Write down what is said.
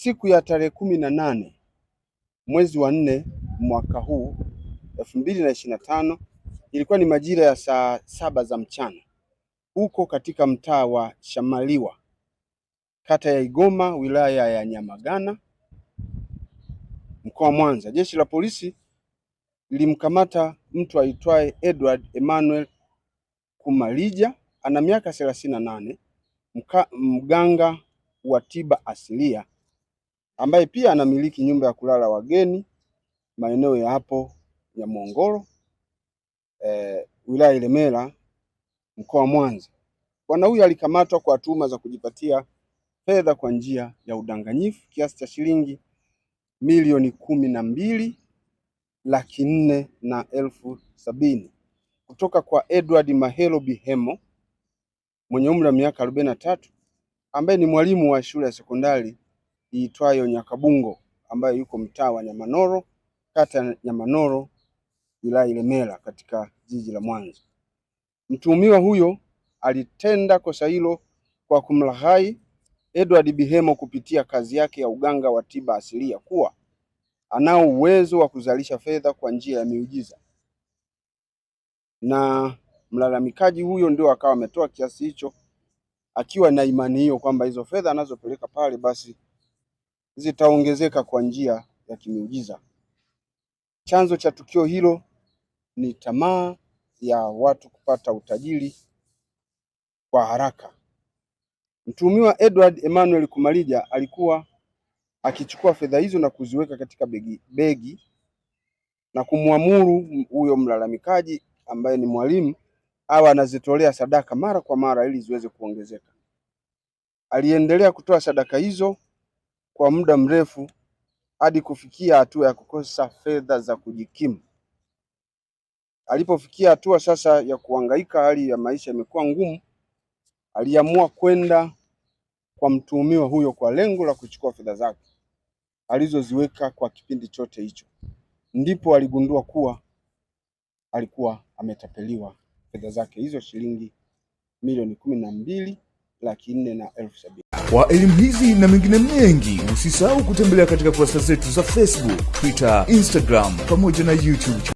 Siku ya tarehe kumi na nane mwezi wa nne mwaka huu elfu mbili na ishirini na tano ilikuwa ni majira ya saa saba za mchana huko katika mtaa wa Shamaliwa kata ya Igoma wilaya ya Nyamagana mkoa wa Mwanza, jeshi la polisi limkamata mtu aitwaye Edward Emmanuel Kumalija, ana miaka thelathini na nane, mganga wa tiba asilia ambaye pia anamiliki nyumba ya kulala wageni maeneo ya hapo ya mongoro eh, wilaya Ilemela mkoa Mwanza. Bwana huyu alikamatwa kwa tuhuma za kujipatia fedha kwa njia ya udanganyifu kiasi cha shilingi milioni kumi na mbili laki nne na elfu sabini kutoka kwa Edward Mahelo Bihemo mwenye umri wa miaka arobaini na tatu ambaye ni mwalimu wa shule ya sekondari iitwayo Nyakabungo ambayo yuko mtaa wa Nyamanoro, kata ya Nyamanoro, wilaya Ilemela, katika jiji la Mwanza. Mtuhumiwa huyo alitenda kosa hilo kwa kumlaghai Edward Bihemo kupitia kazi yake ya uganga wa tiba asilia kuwa anao uwezo wa kuzalisha fedha kwa njia ya miujiza, na mlalamikaji huyo ndio akawa ametoa kiasi hicho akiwa na imani hiyo kwamba hizo fedha anazopeleka pale basi zitaongezeka kwa njia ya kimiujiza. Chanzo cha tukio hilo ni tamaa ya watu kupata utajiri kwa haraka. Mtuhumiwa Edward Emmanuel Kumalija alikuwa akichukua fedha hizo na kuziweka katika begi, begi na kumwamuru huyo mlalamikaji ambaye ni mwalimu awe anazitolea sadaka mara kwa mara ili ziweze kuongezeka. Aliendelea kutoa sadaka hizo kwa muda mrefu hadi kufikia hatua ya kukosa fedha za kujikimu. Alipofikia hatua sasa ya kuhangaika, hali ya maisha imekuwa ngumu, aliamua kwenda kwa mtuhumiwa huyo kwa lengo la kuchukua fedha zake alizoziweka kwa kipindi chote hicho. Ndipo aligundua kuwa alikuwa ametapeliwa fedha zake hizo shilingi milioni kumi na mbili laki nne na elfu sabini. Kwa elimu hizi na mengine mengi, usisahau kutembelea katika kurasa zetu za Facebook, Twitter, Instagram pamoja na YouTube.